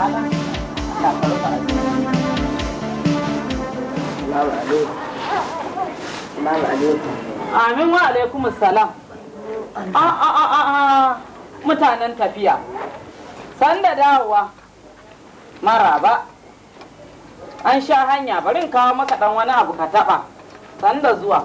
Amin wa alaikum salam. Ah, ah, ah, mutanen tafiya. Sanda dawowa maraba. An sha hanya barin kawo maka dan wani abu ka taba. Sanda zuwa.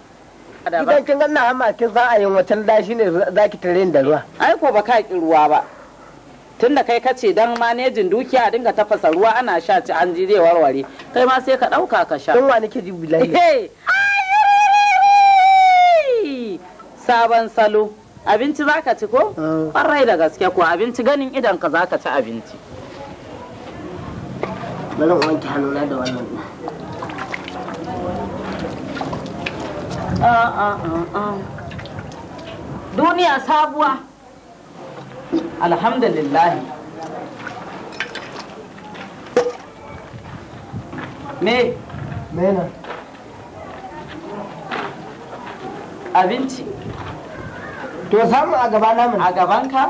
Idan kin ganna hama kin za a yin watan da shi ne za ki tare da ruwa. Ai ko ba ka ki ruwa ba. Tun da kai ka ce dan manejin dukiya dinga tafasa ruwa ana sha ci an ji zai warware. Kai ma sai ka ɗauka ka sha. Tun wa ke ji bilahi. Sabon salo. Abinci za ka ci ko? Ƙwarai ah. da gaske ko abinci ganin idan ka za ka ci abinci. Ah, ah, ah, duniya sabuwa alhamdulillahi me mena abinci to samu a gaba namun a gabanka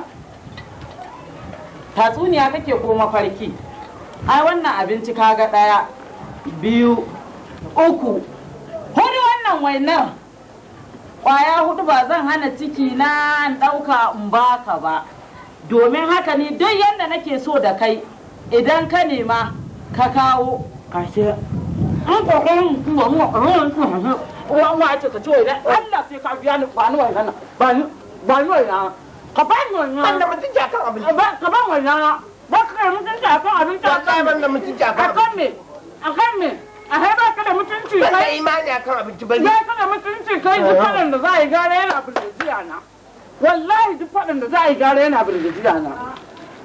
tatsuniya kake ko mafarki ai wannan abinci kaga daya biyu uku hori wannan wainar kwaya hudu ba zan hana ciki na dauka in baka ba domin haka ni duk yadda nake so da kai idan ka nema ka kawo kashe an kwakwan kuma mu ran kuma uwa mu ce ka ce idan Allah sai ka biya ni kwani wannan ba ni ba ni wannan ka ba ni wannan Allah mutunci akan abin ba ka ba wannan ba ka mutunci akan abin ta ba mutunci akan me kan me a hai ka da mutunci kai imani abinci ya ka da mutunci kai duk faɗin da za a yi gare yana birgijiya na wallahi duk faɗin da za a yi gare yana birgijiya na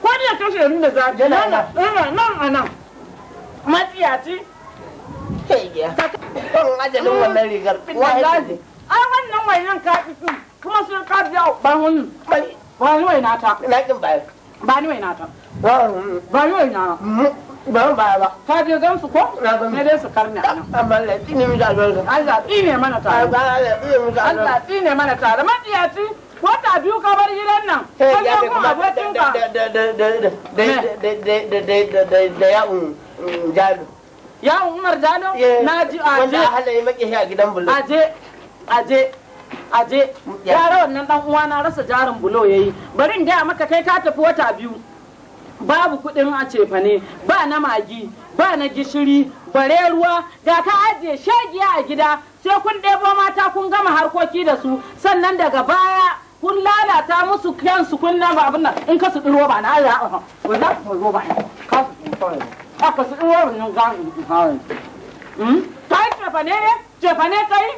ko da kashe ni da zafi yana nan eh, a nan matsiyaci kai ya kan ajalin wannan rigar wallahi ai wannan wainan ka fi kuma sun ka biya ban wannan Bani ni wainata na kin ba ba wainata ba wainata mm. ban ba ba ka je gan su ko ne dai su a nan amma la tsine mu da zuwa Allah tsine mana ta tare Allah tsine mana ta da tare matsiyaci wata biyu ka bar gidan nan ka je kuma abokin ka da da da da da ya un jalo ya umar jalo na ji a je wanda halaye maki a gidan bulo aje aje aje yara wannan dan uwa na rasa jarin bulo yayi bari in ga maka kai ka tafi wata biyu babu kuɗin a cefane ba na magi ba na gishiri bare ruwa ga ka ajiye shagiya a gida sai kun ɗebo mata kun gama harkoki da su sannan daga baya kun lalata musu kansu kun na babu nan in ka su ɗiro ba na Allah wa za su roba ka su kawai ka su ɗiro nan ga kawai hmm? ka yi cefane ne cefane kai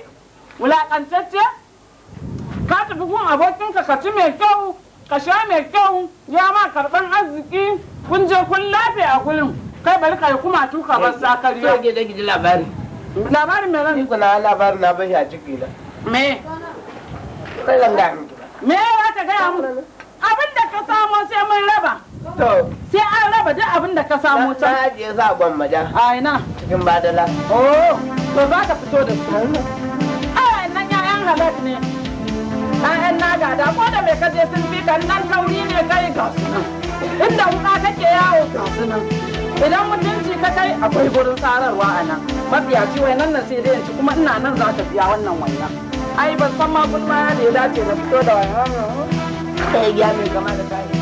wulaƙantacce ka tafi kun abokinka ka ci mai kyau ka sha mai kyau ya ma karɓar arziki kun je kun lafe a kullum kai bari kai kuma tuka ban zakari ya gida gida labari labarin me ran yi kula labarin na bashi a ciki da me kai zan ga me wa ta gaya mu abin da ka samo sai mun raba to sai an raba duk abin da ka samo can na je za gwan maja a ina cikin badala oh to za ka fito da su a nan yan halak ne 'ya'yan na gada ko da ka je sun bi kan nan kan nan idan mutunci ka kai akwai gurin sararwa a nan ci wai nan sai dai yanci kuma ina nan za ta biya wannan wannan ai ban san ma gulma ya dace na fito da wannan ta yi gyamin kama da kai